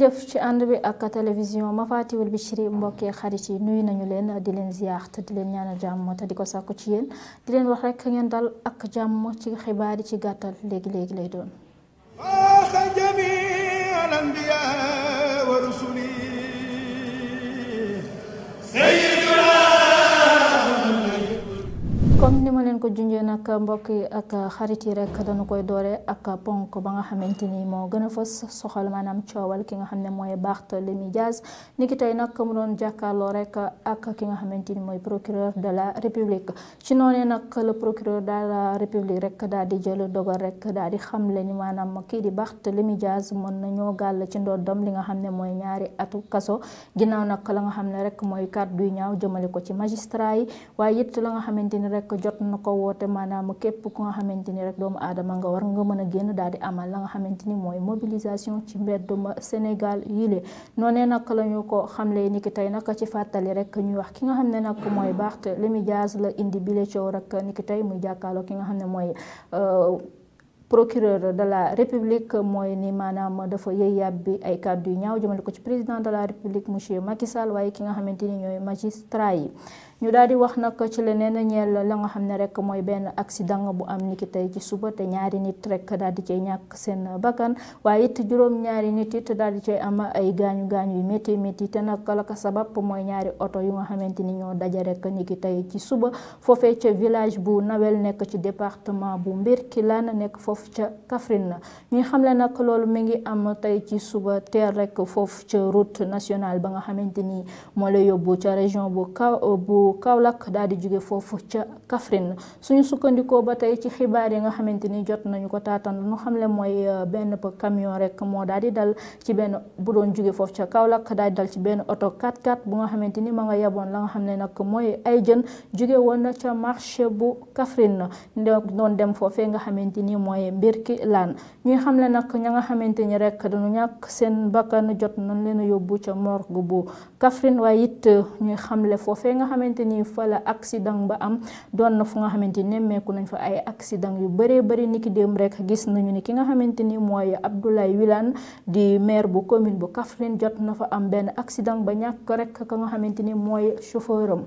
jëf ci ànd bi ak télévision Mafatihul Bichri mbokkee xarit yi nuyu nañu leen di leen ziar te di leen ñaanal jàmm te di ko sàkku ci yéen di leen wax rek ngeen dal ak jàmm ci xibaar yi ci gàttal léegi léegi lay doon. comme ma leen ko junjee nag mbokk yi ak xarit yi rek dañu koy doore ak ponk ba nga xamante ni moo gën a fës soxal maanaam coowal ki nga xam ne mooy Barthélémy Dias ni ki tey nag mu doon jàkkaarloo rek ak ki nga xamante ni mooy procureur de la république ci noonee nak le procureur de la république rek daal di jël dogal rek daal di xamle ni maanaam kii di Barthélémy Dias mën nañoo gàll ci doom li nga xam ne mooy ñaari atu kaso ginnaaw nag la nga xam ne rek mooy kàddu yu ñaaw jëmale ko ci magistrat yi waaye it la nga xamante rek jot na ko woote maanaam képp ku nga xamante ni rek doomu aadama nga war nga mën a génn daal di amal la nga xamante ni mooy mobilisation ci mbeddum Sénégal yile noonee nag la ñu ko xamle ni ki tey nag ci fàttali rek ñuy wax ki nga xam ne nag mooy Barthélémy Dias la indi bile coow rek ni ki tey muy jàkkaarloo ki nga xam ne mooy euh, procureur de la république mooy ni maanaam dafa yëy yàbbi ay kàddu yu ñaaw jëmale ko ci président de la république monsieur Macky Sall waaye ki nga xamante ni ñooy magistrat yi ñu daal di wax nag ci leneen ñeel la nga xam ne rek mooy benn accident bu am niki tey ci suba te ñaari nit rek daal di cay ñàkk seen bakkan waaye it juróom-ñaari nit it daal di cay am ay gaañu gaañu yu métti métti te nag la ko sabab mooy ñaari oto yu nga xamante ni ñoo daje rek niki tey ci suba foofee ca village bu Nawel nekk ci département bu mbir ki Mbirkilane nekk foofu ca Kaffrine ñuy le nag loolu mi ngi am tey ci suba teel rek foofu ca route nationale ba nga xamante ni moo ca région bu Kaolack daal di jóge foofu ca Kaffrine suñu sukkandikoo ba tey ci xibaar yi nga xamante ni jot nañu ko taatan lu xam le mooy euh, benn camion rek moo daal di dal ci benn bu doon jóge foofu ca Kaolack daal dal ci benn oto 4 x bu nga xamante ni ma nga yaboon la xam ne nag mooy ay jën jóge woon na ca marché bu Kaffrine doon dem foofee nga xamante ni mooy mbirki laan ñuy xam le nag ña nga xamante ni rek dañu ñàkk seen bakkan jot na leen a yóbbu ca morgue bu Kaffrine waaye it euh, ñuy xamle foofee nga xamante xamante ni fa la ba am doon na fu nga xamante ni nemmeeku nañ fa ay accident yu bëree bëri niki démb rek gis nañu ni ki nga xamante ni mooy Abdoulaye Wilane di maire bu commune bu Kaffrine jot na fa am benn accident ba ñàkk rek ka nga xamante ni mooy chauffeur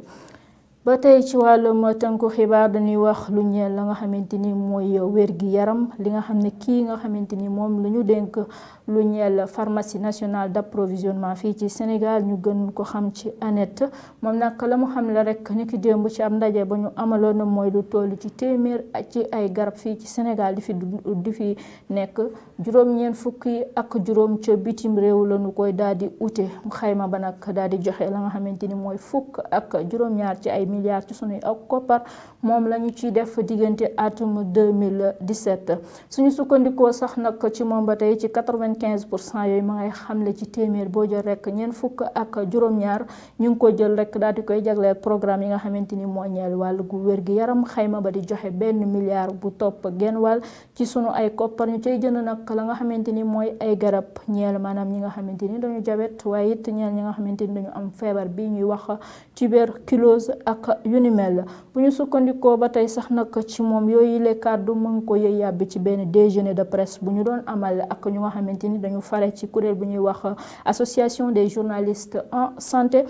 ba tey ci wàllum tënku xibaar dañuy wax lu ñeel la nga xamante ni mooy wér gi yaram li nga xam ne kii nga xamante ni moom la ñu dénk lu ñeel pharmacie nationale d'approvisionnement fii ci Sénégal ñu gën ko xam ci ANET moom nag la mu xam la rek ni ki démb ci am ndaje ba ñu amaloon mooy lu toll ci téeméer ci ay garab fii ci Sénégal di fi di fi nekk juróom-ñeent ak juróom ca bitim réew la ñu koy daal di ute xayma ba nag daal di joxe la nga xamante ni mooy fukk ak juróom-ñaar ci ay milliards ci sunuy ak koppar moom la ñu ciy def diggante atum 2017 suñu sukkandikoo sax nag ci moom ba tey ci pour cent yooyu ma ngay xamle ci téeméer boo jël rek ñeent fukk ak juróom-ñaar ñu ngi ko jël rek daal di koy jagleel programme yi nga xamante ni moo ñeel wàll gu wér gi yaram xayma ba di joxe benn milliard bu topp genn wàll ci sunu ay koppar ñu cay jënd la nga xamante ni mooy ay garab ñeel maanaam ñi nga xamante ni dañu jabet waaye it ñeel ñi nga xamante ni dañu am feebar bi ñuy wax tuberculose ak ak yu ni mel bu ñu sukkandikoo ba tey sax nag ci moom yooyu le kàddu mu ngi ko yëy yàbbi ci benn déjeuner de presse bu ñu doon amal ak ñu nga xamante ni dañu fare ci kuréel bu ñuy wax association des journalistes en santé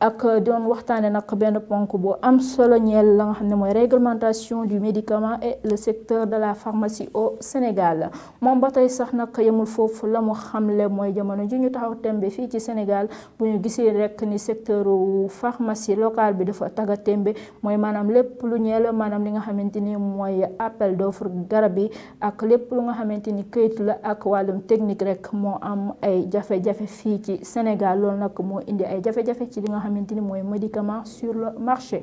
ak euh, doon waxtaane nag benn ponk boo am solo ñeel la nga xam ne mooy réglementation du médicament et le secteur de la pharmacie o Sénégal moom ba tey sax nag yemul foofu la mu xamle mooy jamono ji ñu taxaw tembe fii ci Sénégal bu ñu gisee rek ni secteur pharmacie locale bi dafa taga tembe mooy maanaam lépp lu ñeel maanaam li nga xamante ni mooy appel d'offre garab yi ak lépp lu nga xamante ni këyit la ak wàllum technique rek moo am ay jafe-jafe fii loolu nag moo indi ay jafe-jafe xamante ni mooy médicament sur le marché.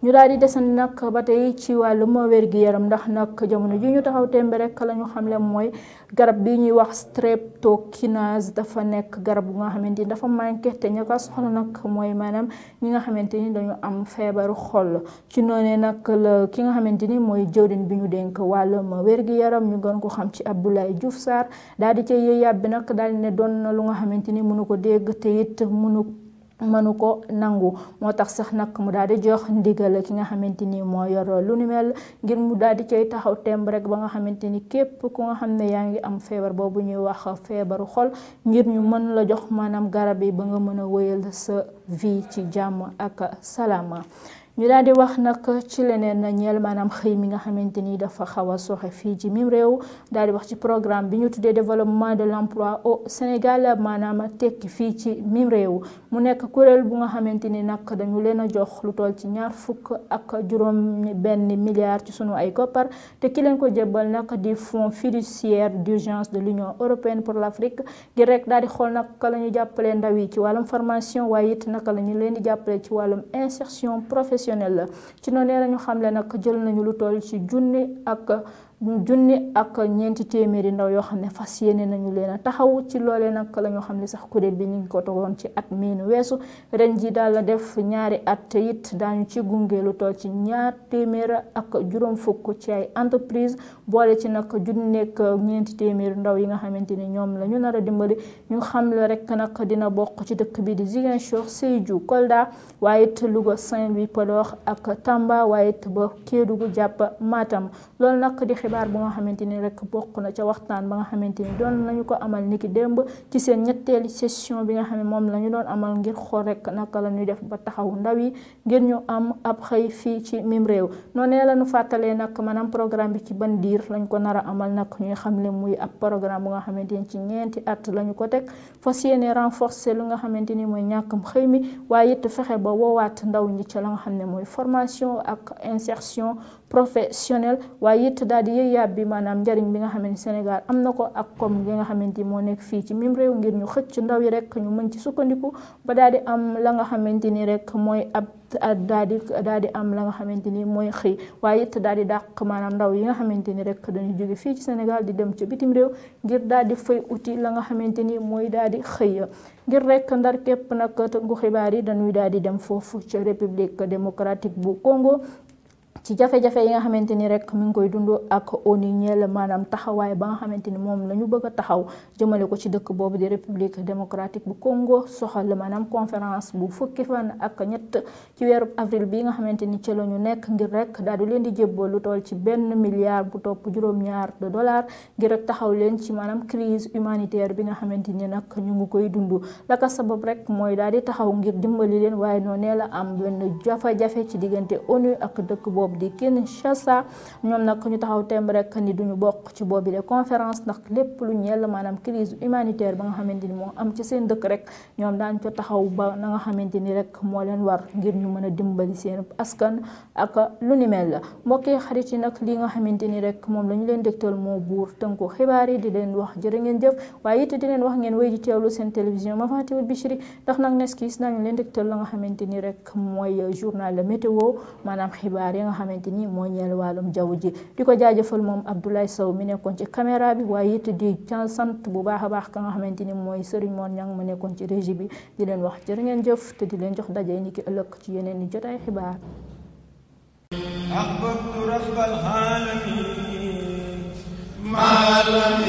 ñu daal di desandi nag ba tey ci wàllum wér-gu-yaram ndax nag jamono ji ñu taxaw tembe rek la ñu xamle mooy garab bi ñuy wax streptokinase dafa nekk garab bu nga xamante ni dafa manqué te ña ko soxla nag mooy maanaam ñi nga xamante ni dañu am feebaru xol ci noonee nag la ki nga xamante ni mooy jëwriñ bi ñu dénk wàllum wér-gu-yaram ñu gën ko xam ci Abdoulaye Diouf Sarr daal di cay yëy yàbbi nag daal di ne doon na lu nga xamante ni mënu ko dégg te mënu mënu ko nangu moo tax sax nag mu daal di jox ndigal ki nga xamante ni moo yor lu ni mel ngir mu daal di cay taxaw temb rek ba nga xamante ni képp ku nga xam ne yaa ngi am feebar boobu ñuy wax feebaru xol ngir ñu mën la jox maanaam garab yi ba nga mën a wéyal sa vie ci jàmm ak salaama ñu daal di wax nag ci leneen na ñeel maanaam xëy mi nga xamante ni dafa xaw a soxe fii ci mim réew daal di wax ci programme bi ñu tuddee développement de l'emploi au Sénégal maanaam tekki fii ci mim réew mu nekk kuréel bu nga xamante ni nag dañu leen a jox lu tool ci ñaar fukk ak juróom benn milliard ci sunu ay koppar te ki leen ko jébbal nag di fonds fiduciaire d'urgence de l'Union européenne pour l'Afrique gi rek daal di xool naka la ñu jàppalee ndaw yi ci wàllum formation waaye it naka la ñu leen di jàppale ci wàllum insertion professionnelle exceptionnel la ci noonu nee xam xamle nag jël nañu lu tool ci junni ak ñu junni ak ñeenti téeméeri ndaw yoo xam ne fas yéene nañu leen a taxaw ci loole nag la ñoo xam ne sax ku kuréel bi ñu ngi ko tegoon ci at miinu weesu ren ji daal la def ñaari at it daañu ci gunge lu toll ci ñaar téeméer ak juróom fukk ci ay entreprise boole ci nag nekk ñeenti téeméeri ndaw yi nga xamante ni ñoom la ñu nar a dimbali ñu xam le rek nag dina bokk ci dëkk bi di Ziguinchor Sédhiou Kolda waaye it Louga Saint-Louis Podor ak Tamba waaye it ba jàpp Matam xibaar bu nga xamante ni rek bokk na ca waxtaan ba nga xamante ni doon nañu ko amal niki démb ci seen ñetteeli session bi nga xam ne moom la ñu doon amal ngir xool rek naka la ñuy def ba taxawu ndaw yi ngir ñu am ab xëy fii ci mim réew noonee la ñu fàttalee nag maanaam programme bi ci ban diir lañ ko nar a amal nag ñuy xam le muy ab programme bu nga xamante ni ci ñeenti at lañu ko teg fas yéene renforcer lu nga xamante ni mooy ñàkkam xëy mi waaye it fexe ba woowaat ndaw ñi ca la nga xam ne mooy formation ak insertion professionnel waaye it daal di yàbbi maanaam njariñ bi nga xam ne Sénégal am na ko ak comme gi nga xamante moo nekk fii ci mim réew ngir ñu xëcc ndaw yi rek ñu mën ci sukkandiku ba daal di am la nga xamante ni rek mooy ab daal daal di am la nga xamante ni mooy xëy waaye it daal di dàq maanaam ndaw yi nga xamante ni rek dañu jóge fii ci Sénégal di dem ci bitim réew ngir daal di fay uti la nga xamante ni mooy daal di xëy ngir rek ndar képp nag tënku xibaar yi dañuy daal di dem foofu ca République démocratique bu Congo ci jafe-jafe yi nga xamante ni rek mu ngi koy dund ak ONU ñeel maanaam taxawaay ba nga xamante ni moom la ñu bëgg a taxaw jëmale ko ci dëkk boobu di république démocratique bu Congo soxal maanaam conférence bu fukki fan ak ñett ci weeru avril bi nga xamante ni ci la ñu nekk ngir rek daal di leen di jébbal lu toll ci benn milliard bu topp juróom-ñaar de dollars ngir taxaw leen ci maanaam crise humanitaire bi nga xamante ni nag ñu ngi koy dund lakka sa sabab rek mooy daal di taxaw ngir dimbali leen waaye noonee la am benn jafe-jafe ci diggante ONU ak dëkk boobu. daal di génn Chassa ñoom nag ñu taxaw temb rek ni du ñu bokk ci boobi de conférence ndax lépp lu ñeel maanaam crise humanitaire ba nga xamante ni moo am ci seen dëkk rek ñoom daan ko taxaw ba na nga xamante ni rek moo leen war ngir ñu mën a dimbali seen askan ak lu ni mel la mbokki xarit yi nag li nga xamante ni rek moom la ñu leen dégtal moo buur tënku xibaar yi di leen wax jërë ngeen jëf waaye it di leen wax ngeen wéy di teewlu seen télévision Mafatihul Bichri ndax nag nes kiis nañu leen dégtal la nga xamante ni rek mooy journal météo maanaam xibaar yi nga xam xamante ni moo ñeel wàllum jaww ji di ko jaajëfal moom Abdoulaye Sow mi nekkoon ci caméra bi waaye it di can bu baax a baax ka nga xamante ni mooy Serigne Mor Niang mu nekkoon ci régie bi di leen wax jërë ngeen jëf te di leen jox daje ni ki ëllëg ci yeneen i jotaay xibaar أحببت رب العالمين ما لم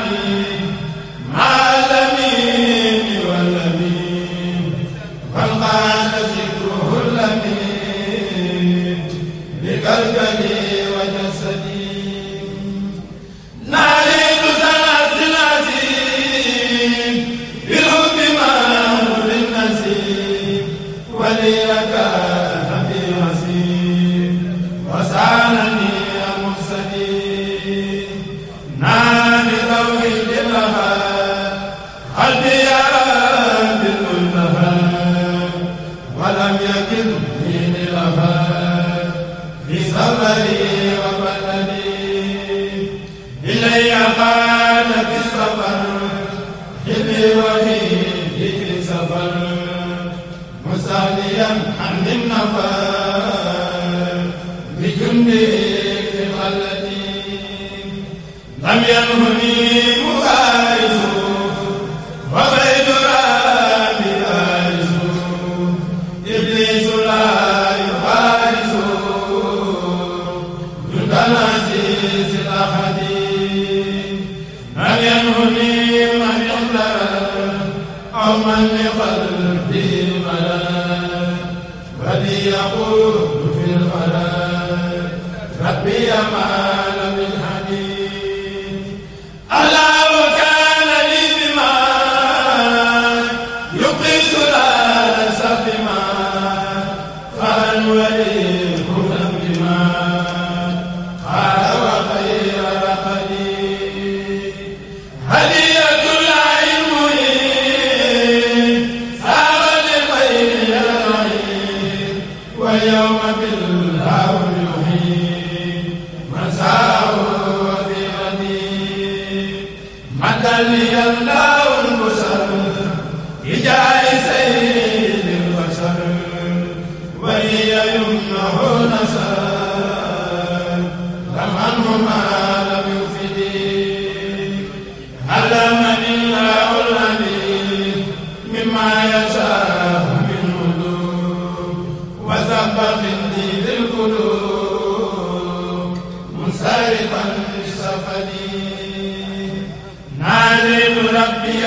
lam yanhuni اليوم في الهوى